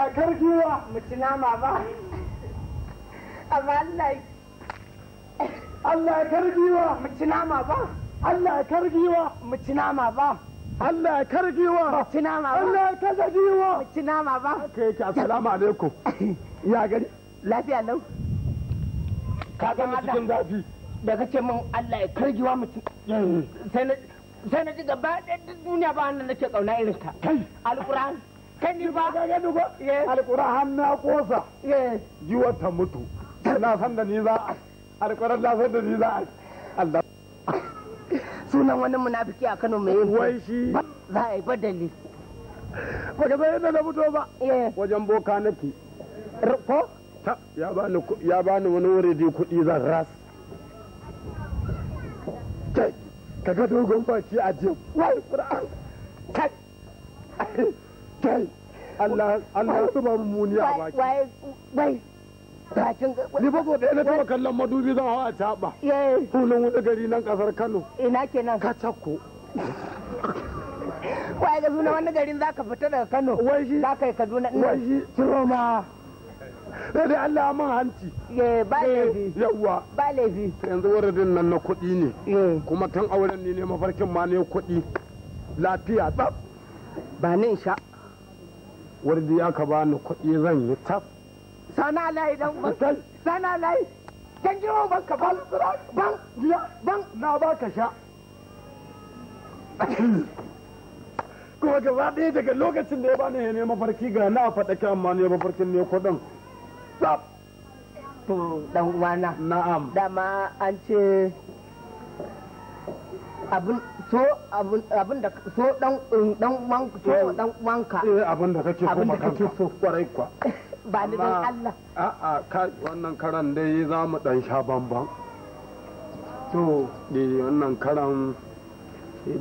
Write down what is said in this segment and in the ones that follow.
kakar giwa mutu nama ba amma Allah Allah kargiwa mutu nama ba Allah kargiwa mutu nama ba Allah kargiwa mutu nama ba Allah kaza giwa mutu nama ba kai ki assalamu alaikum ya gari lafiya lau ka ga mu cikin zafi da kace min Allah ya kargiwa mutu eh. sai na sai na ji gaba da duniya ba hannun nake kauna irin ta alquran kan kani ba ga gani ko alquran na kosa jiwar ta mutu na san da ni za a alquran na san da ni za a Allah sunan wani munafiki a Kano mai wai shi za a yi badali ba ga bayyana da mutu ba wajen boka nake ko ya bani ya bani wani wuridi kuɗi zan ras ka ga dogon baki a jiya wai kai kai Allah Allah su ba muni a baki bakin ni fa gobe ina taba kallon madubi a hawa taba hulun wani gari nan kasar Kano ina kenan katako wai ga suna wani garin za ka fita daga Kano Za shi yi Kaduna ina wai shi Ciroma sai dai Allah man hanci ba eh, laifi yawwa ba laifi yanzu waradin nan na kuɗi ne kuma tun auren ne ne mafarkin ma ne kuɗi lafiya tsaf ba nan sha wardi aka bani kuɗi zan yi tas sana layi dan ban sana layi dan girma ban ka ban ban ban na ba ka sha kuma gaba ɗaya daga lokacin da ya bani ya nema farki ga na faɗa kyan ma ne mafarkin ne kuɗin to dan uwana na'am dama an ce abin so abin da so dan um, dan so dan wanka eh abin da kake so kake so kwarai kwa ba ni dan Allah a'a ka wannan karan dai za mu dan sha bamban to eh wannan karan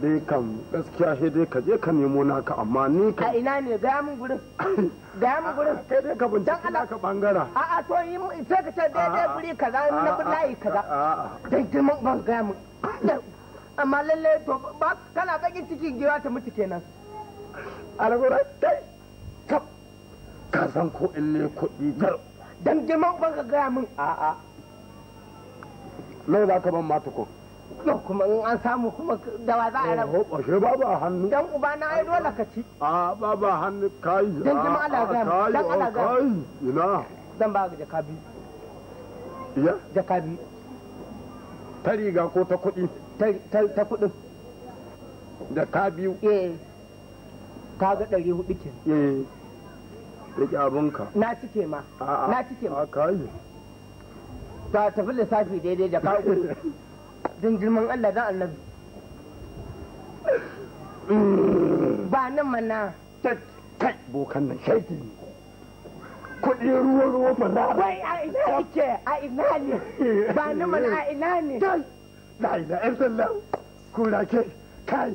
dai kam gaskiya shi dai ka je ka nemo naka amma ni ka a ina ne ga mun gurin ga mun gurin kai dai ka bincike naka bangara a a to yi sai ka ce dai guri kaza na bin layi kaza dai dai mun ban ga mun amma lalle to ba kana bakin ciki gira ta mutu kenan alhura dai kap ka san ko in ne kuɗi gar dan girman ban ka gaya min a'a lai za ka ban mata ko to kuma in an samu kuma wa za a rabu ƙarshe ba ba hannu dan uba na ai dole ka ci a ba a hannu kai dan girman Allah ga dan Allah oh, ga ina dan ba ga jakabi iya jakabi ta riga ko ta kuɗi ta kudin da ka biyu eh. ka ga ɗari hudu ke eh rike abinka na cike ma na cike ma ka yi ta tafi lissafi daidai da ka uku don girman Allah don annabi ba nan mana kai bokan nan shaiti kudi ruwa ruwa fara wai a ina ke a ina ne ba nan mana a ina ne la ila sallar kura ke kai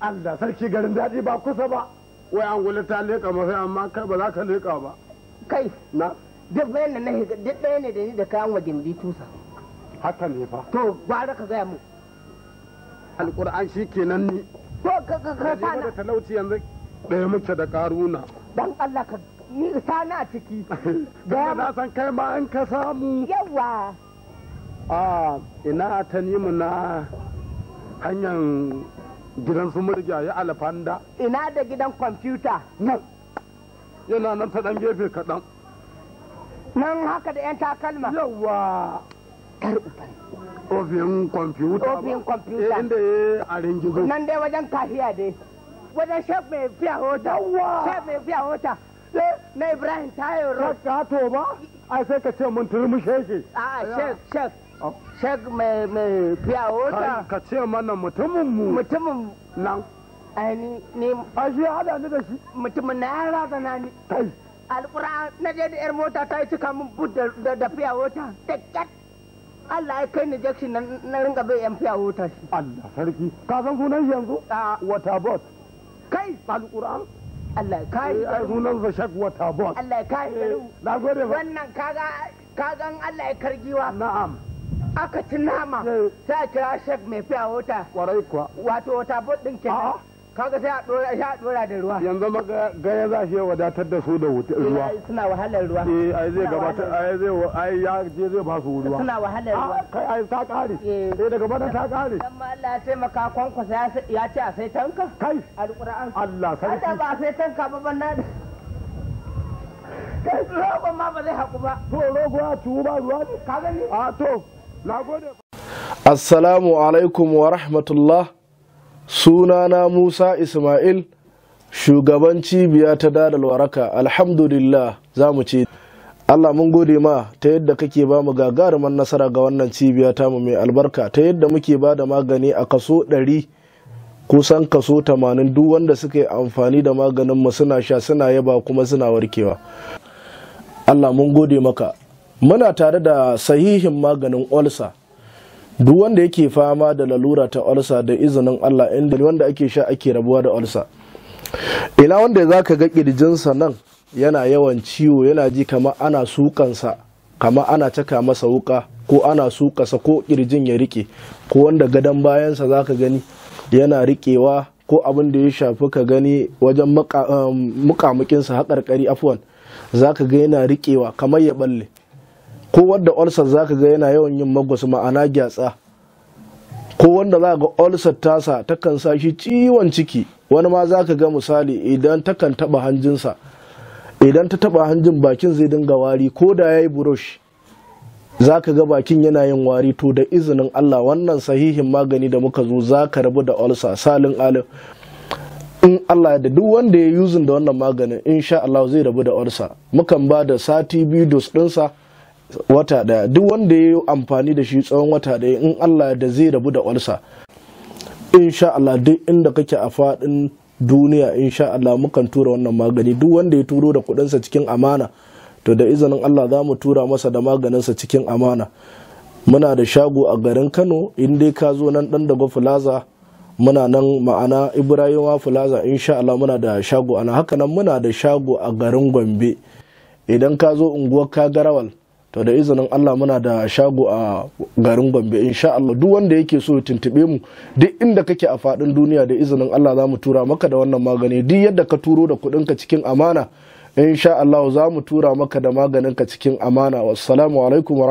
Allah sarki garin daɗi ba kusa ba wai an gula ta leƙa masai amma kai ba za ka leƙa ba kai na duk bayan nan na duk ɗaya ne da ni da kayan wajen bi tusa haka ne fa to gwara ka gaya mu alƙur'an shi kenan ni to ka ka ka da talauci yanzu ɗaya muke da ƙaruna dan Allah ka ni sana a ciki da na san kai ma an ka samu yawa a ina ta nimu na hanyar gidan su murgiya ya alfanda ina da gidan kwamfuta nan yana nan ta dan gefe kaɗan nan haka da 'yan takalma yawa kar ofin kwamfuta ofin kwamfuta eh, inda ya a ringizo nan dai wajen kafiya dai wajen shef mai fiya hota shef mai fiya hota eh. na ibrahim tayo rock ka to ba ai sai ka ce mun turmushe shi a'a shef shef shek mai me fiya wota ka ce mana mutumin mu mutumin nan ai ni ni a shi hada ni da shi mutumin na ya da na ni kai alƙura na je da yar mota ta yi cika min bud da da wota da kyat Allah ya kai ni jakshin na ringa bai yan fiya wota shi Allah sarki ka san sunan shi yanzu a wata bot kai alƙur'an Allah ya kai eh, ai sunan sa shek wata bot Allah ya kai eh, na gode ba wannan kaga kagan Allah ya kargiwa na'am aka ci nama eh. sai a kira shek mai fiya wata kwarai kuwa wato wata din kenan kaga sai a ɗora sai a da ruwa yanzu ma gaya za shi wadatar da su da ruwa suna wahalar ruwa eh ai zai gabatar ai zai ai ya je zai ba su ruwa suna wahalar ruwa kai ai ta kare eh. eh daga bana ta kare dan ma Allah ya taimaka kwankwasa ya ce a sai tanka kai alquran Allah sai ta ba sai tanka ba banna kai rogon ma ba zai haku ba to rogo a tuwo ruwa ne ka ni a to assalamu alaikum wa rahmatullah sunana musa ismail shugaban cibiya ta dadal waraka alhamdulillah za mu ce allah mun gode ma ta yadda kake ba mu nasara ga wannan cibiya ta mu mai albarka ta yadda muke ba da magani a kaso ɗari, kusan kaso tamanin, duk wanda suka yi amfani da maganin mu suna sha suna yaba kuma suna warkewa allah mun gode maka muna tare da sahihin maganin olsa duk wanda yake fama da lalura ta olsa da izinin allah inda wanda ake sha ake rabuwa da olsa ina wanda za ka ga kirjinsa nan yana yawan ciwo yana ji kama ana sukansa kama ana caka masa wuka ko ana sukasa ko kirjin ya rike ko wanda gadon bayansa za ka gani yana rikewa ko abin da ya shafi ka gani wajen mukamukinsa um, haƙarƙari afuwan za ka ga yana rikewa kamar ya balle ko wanda ulcer ka ga yana yawan yin magwas ma'ana gyatsa ko wanda za ga ulcer tasa takan sa shi ciwon ciki wani ma za ka ga misali idan takan taba hanjinsa idan ta taba hanjin bakin zai dinga wari ko da ya yi burush za ka ga bakin yana yin wari to da izinin Allah wannan sahihin magani da muka zo za ka rabu da ulcer salin alif in Allah da duk wanda ya yuzin da wannan maganin insha Allah zai rabu da ulcer mukan ba da sati biyu dos ɗinsa wata daya duk wanda ya yi amfani da shi tsawon wata daya in allah da zai rabu da olsa insha allah duk inda kake a faɗin duniya insha allah mukan tura wannan magani duk wanda ya turo da kudinsa cikin amana to da izinin allah za mu tura masa da maganinsa cikin amana muna da shago a garin kano in dai ka zo nan dan daga plaza muna nan ma'ana ibrahimwa plaza insha allah muna da shago ana haka nan muna da shago a garin gombe idan ka zo unguwar kagarawal to da izinin Allah muna da shago a garin Gombe insha Allah duk wanda yake so ya tuntube mu duk inda kake a fadin duniya da izinin Allah za mu tura maka da wannan magani duk yadda ka turo da kuɗin ka cikin amana insha Allah za mu tura maka da maganin ka cikin amana wassalamu alaikum wa